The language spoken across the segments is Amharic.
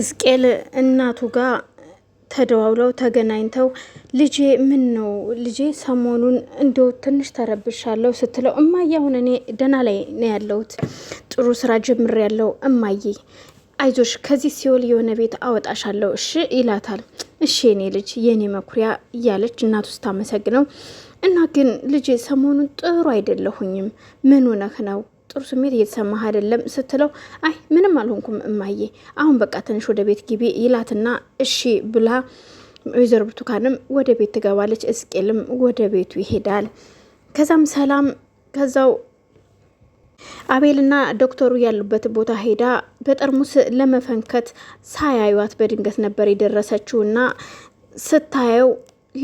እስቄል እናቱ ጋር ተደዋውለው ተገናኝተው ልጄ ምን ነው ልጄ ሰሞኑን እንደው ትንሽ ተረብሻለሁ ስትለው እማዬ አሁን እኔ ደህና ላይ ነው ያለሁት ጥሩ ስራ ጀምር ያለው እማዬ አይዞሽ ከዚህ ሲኦል የሆነ ቤት አወጣሻለሁ እሺ ይላታል እሺ የኔ ልጅ የኔ መኩሪያ እያለች እናቱ ስታመሰግነው እና ግን ልጄ ሰሞኑን ጥሩ አይደለሁኝም ምን ነህ ነው ጥሩ ስሜት እየተሰማህ አይደለም ስትለው አይ ምንም አልሆንኩም እማዬ፣ አሁን በቃ ትንሽ ወደ ቤት ግቢ ይላትና እሺ ብላ ወይዘሮ ብርቱካንም ወደ ቤት ትገባለች። እስቄልም ወደ ቤቱ ይሄዳል። ከዛም ሰላም ከዛው አቤልና ዶክተሩ ያሉበት ቦታ ሄዳ በጠርሙስ ለመፈንከት ሳያዩት በድንገት ነበር የደረሰችው እና ስታየው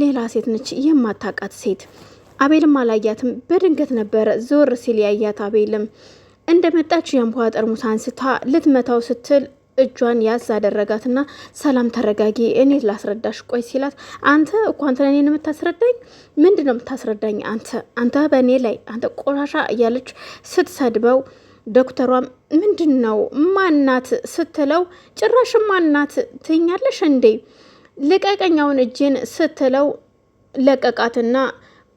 ሌላ ሴት ነች የማታውቃት ሴት አቤልም አላያትም። በድንገት ነበረ ዞር ሲል ያያት። አቤልም እንደመጣች የአንቧ ጠርሙስ አንስታ ልትመታው ስትል እጇን ያዝ አደረጋትና ሰላም ተረጋጊ፣ እኔ ላስረዳሽ ቆይ ሲላት፣ አንተ እኮ አንተን እኔን የምታስረዳኝ ምንድን ነው የምታስረዳኝ? አንተ አንተ በእኔ ላይ አንተ ቆሻሻ እያለች ስትሰድበው ዶክተሯም ምንድን ነው ማናት ስትለው፣ ጭራሽ ማናት ትኛለሽ እንዴ ልቀቀኛውን እጅን ስትለው ለቀቃትና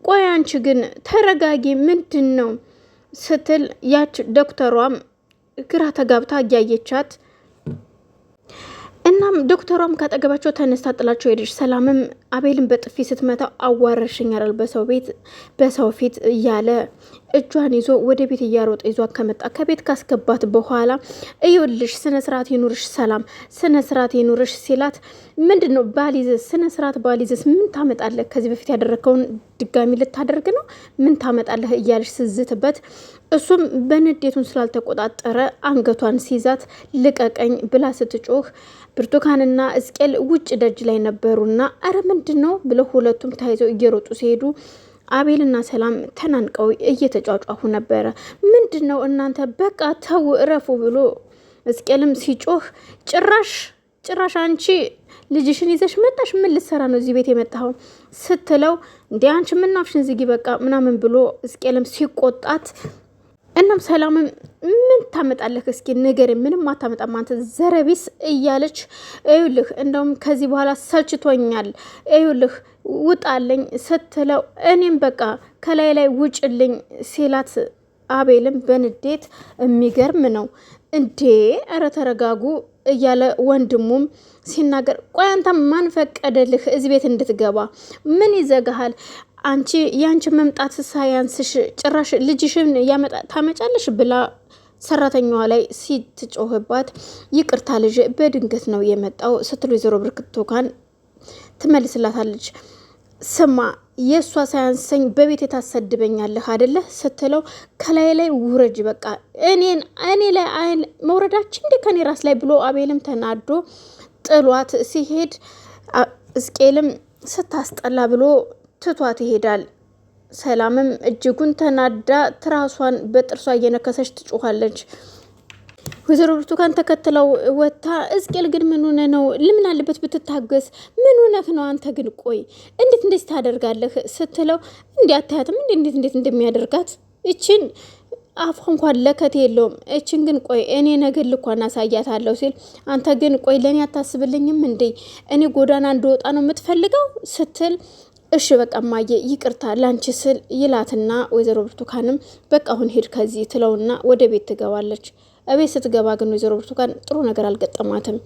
ቆይ አንቺ ግን ተረጋጊ፣ ምንድን ነው ስትል ያች ዶክተሯም ግራ ተጋብታ እያየቻት እናም ዶክተሯም ካጠገባቸው ተነስታ ጥላቸው ሄደች። ሰላምም አቤልን በጥፊ ስትመታው አዋረሽኝ በሰው ቤት በሰው ፊት እያለ እጇን ይዞ ወደ ቤት እያሮጠ ይዟ ከመጣ ከቤት ካስገባት በኋላ እዩልሽ ስነ ስርዓት ይኑርሽ፣ ሰላም ስነ ስርዓት ይኑርሽ ሲላት ምንድን ነው ባሊዝስ ስነ ስርዓት ባሊዝስ ምን ታመጣለህ? ከዚህ በፊት ያደረግከውን ድጋሚ ልታደርግ ነው? ምን ታመጣለህ? እያለሽ ስዝትበት እሱም በንዴቱን ስላልተቆጣጠረ አንገቷን ሲይዛት ልቀቀኝ ብላ ስትጮህ ብርቱካንና እስቄል ውጭ ደጅ ላይ ነበሩና አረምን ምንድን ነው ብለው ሁለቱም ተያይዘው እየሮጡ ሲሄዱ አቤልና ሰላም ተናንቀው እየተጫጫሁ ነበረ። ምንድን ነው እናንተ በቃ ተው እረፉ ብሎ እስቄልም ሲጮህ ጭራሽ ጭራሽ አንቺ ልጅሽን ይዘሽ መጣሽ፣ ምን ልትሰራ ነው እዚህ ቤት የመጣኸው? ስትለው እንዲ አንቺ ምናፍሽን ዝጊ በቃ ምናምን ብሎ እስቄልም ሲቆጣት እናም ሰላምም ምን ታመጣለህ እስኪ ነገር ምንም አታመጣም አንተ ዘረቢስ እያለች እዩልህ፣ እንደውም ከዚህ በኋላ ሰልችቶኛል እዩልህ ውጣልኝ ስትለው እኔም በቃ ከላይ ላይ ውጭልኝ ሲላት አቤልም በንዴት የሚገርም ነው እንዴ ኧረ ተረጋጉ እያለ ወንድሙም ሲናገር ቆይ አንተ ማን ፈቀደልህ እዚህ ቤት እንድትገባ ምን ይዘግሃል? አንቺ የአንቺን መምጣት ሳያንስሽ ጭራሽ ልጅሽን ታመጫለሽ ብላ ሰራተኛዋ ላይ ስትጮህባት፣ ይቅርታ ልጅ በድንገት ነው የመጣው ስትል ወይዘሮ ብርቱካን ትመልስላታለች። ስማ የእሷ ሳያንሰኝ በቤት የታሰድበኛለህ አደለ ስትለው፣ ከላይ ላይ ውረጅ በቃ እኔን እኔ ላይ አይን መውረዳችን እንደ ከኔ ራስ ላይ ብሎ አቤልም ተናዶ ጥሏት ሲሄድ እስቄልም ስታስጠላ ብሎ ትቷት ይሄዳል። ሰላምም እጅጉን ተናዳ ትራሷን በጥርሷ እየነከሰች ትጮኋለች። ወይዘሮ ብርቱካን ተከትለው ወታ እዝቅኤል ግን ምን ሆነ ነው? ልምን አለበት ብትታገስ። ምን ሆነህ ነው አንተ? ግን ቆይ እንዴት እንዴት ታደርጋለህ? ስትለው እንዲ አታያትም? እንዴት እንዴት እንደሚያደርጋት እችን አፏ እንኳን ለከት የለውም። እችን ግን ቆይ እኔ ነገር ልኳን አሳያታለሁ ሲል አንተ ግን ቆይ ለእኔ አታስብልኝም እንዴ? እኔ ጎዳና እንደወጣ ነው የምትፈልገው ስትል እሺ በቃ እማዬ ይቅርታ ላንቺ ስል ይላትና ወይዘሮ ብርቱካንም በቃ አሁን ሄድ ከዚህ ትለውና ወደ ቤት ትገባለች። እቤት ስትገባ ግን ወይዘሮ ብርቱካን ጥሩ ነገር አልገጠማትም።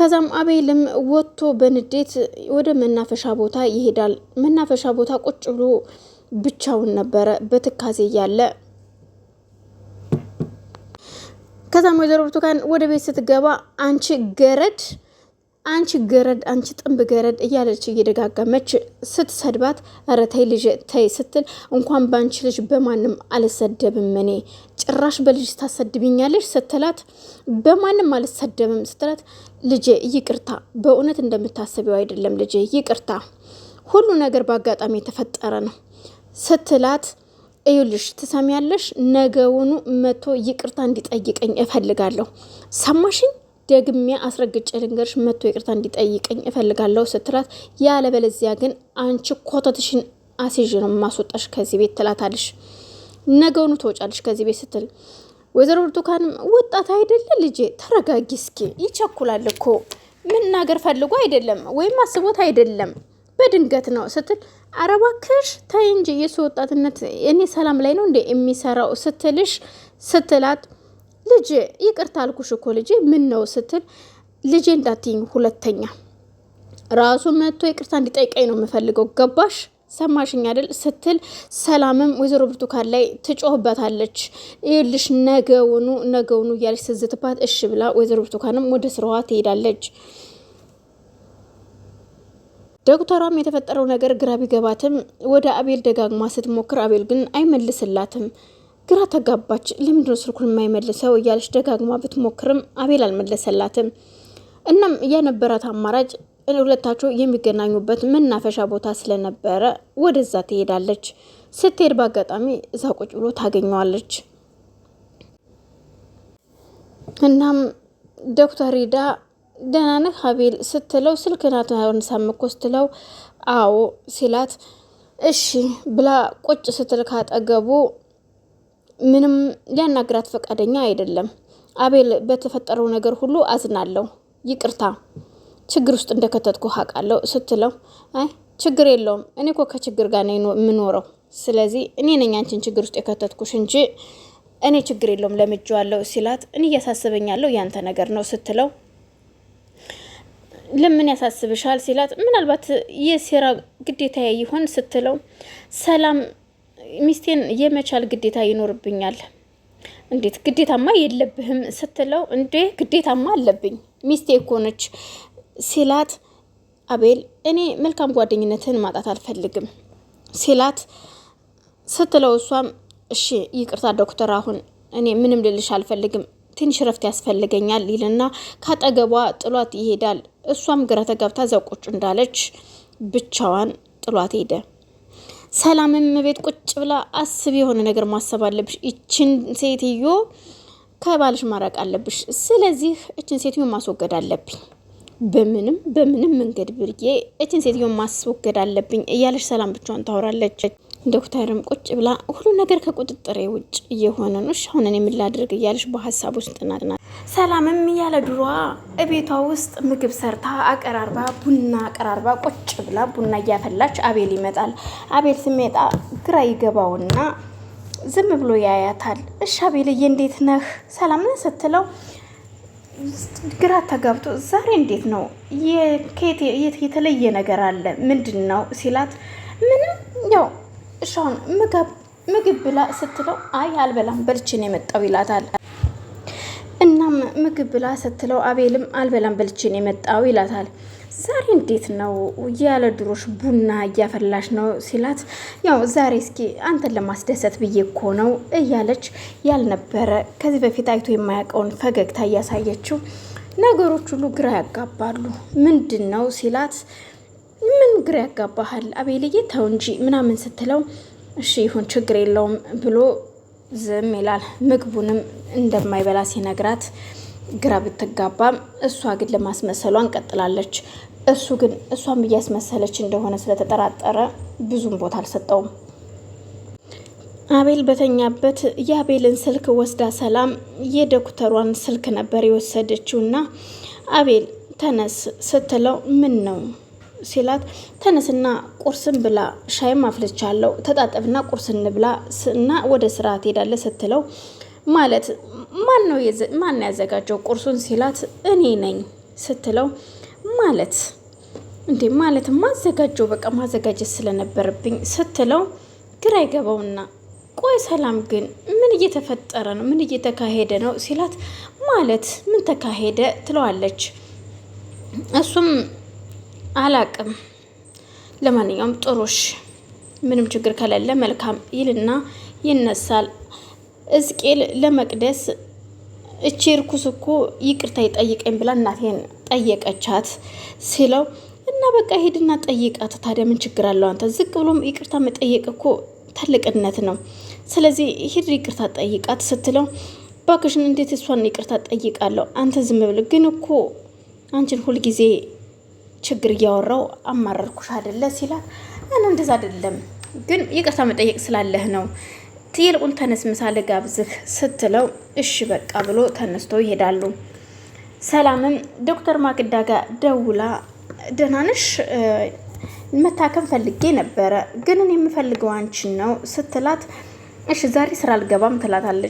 ከዛም አቤልም ወጥቶ በንዴት ወደ መናፈሻ ቦታ ይሄዳል። መናፈሻ ቦታ ቁጭ ብሎ ብቻውን ነበረ በትካዜ እያለ ከዛም ወይዘሮ ብርቱካን ወደ ቤት ስትገባ አንቺ ገረድ አንቺ ገረድ፣ አንቺ ጥንብ ገረድ እያለች እየደጋገመች ስትሰድባት፣ ኧረ ተይ ተይ ስትል እንኳን በአንቺ ልጅ በማንም አልሰደብም እኔ ጭራሽ በልጅ ታሰድብኛለች ስትላት፣ በማንም አልሰደብም ስትላት፣ ልጄ ይቅርታ፣ በእውነት እንደምታስቢው አይደለም ልጄ ይቅርታ፣ ሁሉ ነገር በአጋጣሚ የተፈጠረ ነው ስትላት እዩልሽ ትሰሚያለሽ፣ ነገውኑ መቶ ይቅርታ እንዲጠይቀኝ እፈልጋለሁ። ሰማሽኝ? ደግሜ አስረግጬ ልንገርሽ መቶ ይቅርታ እንዲጠይቀኝ እፈልጋለሁ ስትላት፣ ያለበለዚያ ግን አንቺ ኮተትሽን አስይዤ ነው ማስወጣሽ ከዚህ ቤት ትላታለሽ። ነገውኑ ትወጫለሽ ከዚህ ቤት ስትል ወይዘሮ ብርቱካንም ወጣት አይደለ ልጄ ተረጋጊ፣ እስኪ ይቸኩላል እኮ መናገር ፈልጎ አይደለም ወይም አስቦት አይደለም በድንገት ነው ስትል፣ ኧረ እባክሽ ተይ እንጂ የእሱ ወጣትነት እኔ ሰላም ላይ ነው እንደ የሚሰራው ስትልሽ ስትላት ልጄ ይቅርታ አልኩሽ እኮ ልጄ ምን ነው ስትል ልጄ እንዳትኝ ሁለተኛ ራሱ መጥቶ ይቅርታ እንዲጠይቀኝ ነው የምፈልገው ገባሽ ሰማሽኝ አይደል ስትል ሰላምም ወይዘሮ ብርቱካን ላይ ትጮህበታለች ይልሽ ነገውኑ ነገውኑ እያለች ስዝትባት እሺ ብላ ወይዘሮ ብርቱካንም ወደ ስራዋ ትሄዳለች ዶክተሯም የተፈጠረው ነገር ግራ ቢገባትም ወደ አቤል ደጋግማ ስትሞክር አቤል ግን አይመልስላትም ግራ ተጋባች። ለምንድን ስልኩን የማይመልሰው እያለች ደጋግማ ብትሞክርም አቤል አልመለሰላትም። እናም የነበራት አማራጭ ሁለታቸው የሚገናኙበት መናፈሻ ቦታ ስለነበረ ወደዛ ትሄዳለች። ስትሄድ በአጋጣሚ እዛ ቁጭ ብሎ ታገኘዋለች። እናም ዶክተር ሪዳ ደህና ነህ አቤል ስትለው ስልክ ናት ሳምኮ ስትለው አዎ ሲላት እሺ ብላ ቁጭ ስትል ካጠገቡ ምንም ሊያናግራት ፈቃደኛ አይደለም። አቤል በተፈጠረው ነገር ሁሉ አዝናለሁ፣ ይቅርታ ችግር ውስጥ እንደከተትኩ አውቃለሁ ስትለው አይ ችግር የለውም እኔ እኮ ከችግር ጋር ነው የምኖረው። ስለዚህ እኔ ነኝ አንቺን ችግር ውስጥ የከተትኩሽ እንጂ እኔ ችግር የለውም ለምጄዋለሁ ሲላት እኔ እያሳስበኛለሁ ያንተ ነገር ነው ስትለው ለምን ያሳስብሻል ሲላት ምናልባት የሴራ ግዴታ ይሆን ስትለው ሰላም ሚስቴን የመቻል ግዴታ ይኖርብኛል። እንዴት ግዴታማ የለብህም ስትለው፣ እንዴ ግዴታማ አለብኝ ሚስቴ እኮ ነች ሲላት፣ አቤል እኔ መልካም ጓደኝነትን ማጣት አልፈልግም ሲላት ስትለው፣ እሷም እሺ ይቅርታ ዶክተር፣ አሁን እኔ ምንም ልልሽ አልፈልግም ትንሽ ረፍት ያስፈልገኛል ይልና ካጠገቧ ጥሏት ይሄዳል። እሷም ግራ ተጋብታ ዘቆጩ እንዳለች ብቻዋን ጥሏት ሄደ። ሰላምም ቤት ቁጭ ብላ አስብ የሆነ ነገር ማሰብ አለብሽ። ይችን ሴትዮ ከባልሽ ማራቅ አለብሽ። ስለዚህ እችን ሴትዮ ማስወገድ አለብኝ በምንም በምንም መንገድ ብርጌ እችን ሴትዮ ማስወገድ አለብኝ እያለች ሰላም ብቻዋን ታወራለች። ዶክተርም ቁጭ ብላ ሁሉ ነገር ከቁጥጥሬ ውጭ እየሆነ ነው፣ አሁን እኔ ምን ላድርግ እያለች በሀሳብ ውስጥ ናትና ሰላምም እያለ ድሯ እቤቷ ውስጥ ምግብ ሰርታ አቀራርባ ቡና አቀራርባ ቁጭ ብላ ቡና እያፈላች አቤል ይመጣል። አቤል ስሜጣ ግራ ይገባውና ዝም ብሎ ያያታል። እሺ አቤልዬ እንዴት ነህ ሰላምን ስትለው ግራ ተጋብቶ ዛሬ እንዴት ነው የተለየ ነገር አለ ምንድን ነው ሲላት፣ ምንም ያው እሻውን ምግብ ብላ ስትለው አይ አልበላም በልቼ ነው የመጣው ይላታል። እናም ምግብ ብላ ስትለው አቤልም አልበላም በልቼ ነው የመጣው ይላታል። ዛሬ እንዴት ነው ያለ ድሮሽ ቡና እያፈላሽ ነው ሲላት፣ ያው ዛሬ እስኪ አንተን ለማስደሰት ብዬ እኮ ነው እያለች ያልነበረ ከዚህ በፊት አይቶ የማያውቀውን ፈገግታ እያሳየችው ነገሮች ሁሉ ግራ ያጋባሉ። ምንድን ነው ሲላት፣ ምን ግራ ያጋባሃል አቤልዬ ተው እንጂ ምናምን ስትለው፣ እሺ ይሁን ችግር የለውም ብሎ ዝም ይላል። ምግቡንም እንደማይበላ ሲነግራት ግራ ብትጋባም እሷ ግን ለማስመሰሏን ቀጥላለች። እሱ ግን እሷም እያስመሰለች እንደሆነ ስለተጠራጠረ ብዙም ቦታ አልሰጠውም። አቤል በተኛበት የአቤልን ስልክ ወስዳ ሰላም የዶክተሯን ስልክ ነበር የወሰደችው እና አቤል ተነስ ስትለው ምን ነው ሲላት ተነስና ቁርስን ብላ ሻይም አፍልቻለሁ ተጣጠብና ቁርስን ብላ እና ወደ ስራ ትሄዳለህ ስትለው ማለት ማን ነው ማን ያዘጋጀው ቁርሱን ሲላት እኔ ነኝ ስትለው ማለት እንዴ ማለት ማዘጋጀው በቃ ማዘጋጀት ስለነበረብኝ ስትለው ግራ ይገባውና ቆይ ሰላም ግን ምን እየተፈጠረ ነው? ምን እየተካሄደ ነው ሲላት ማለት ምን ተካሄደ ትለዋለች። እሱም አላቅም፣ ለማንኛውም ጥሩሽ ምንም ችግር ከሌለ መልካም ይልና ይነሳል። እስቄል ለመቅደስ እቺ እርኩስ እኮ ይቅርታ ይጠይቀኝ ብላ እናቴን ጠየቀቻት ሲለው እና በቃ ሄድና ጠይቃት ታዲያ ምን ችግር አለው አንተ ዝቅ ብሎም ይቅርታ መጠየቅ እኮ ትልቅነት ነው ስለዚህ ሂድ ይቅርታ ጠይቃት ስትለው ባክሽን እንዴት እሷን ይቅርታ ጠይቃለሁ አንተ ዝም ብል ግን እኮ አንቺን ሁልጊዜ ችግር እያወራው አማረርኩሽ አደለ ሲላት እና እንደዛ አደለም ግን ይቅርታ መጠየቅ ስላለህ ነው ይልቁን ተነስ ምሳ ልጋብዝህ ስትለው እሺ በቃ ብሎ ተነስቶ ይሄዳሉ። ሰላምም ዶክተር ማክዳ ደውላ ደህና ነሽ መታከም ፈልጌ ነበረ፣ ግን እኔ የምፈልገው አንቺን ነው ስትላት፣ እሺ ዛሬ ስራ አልገባም ትላታለች።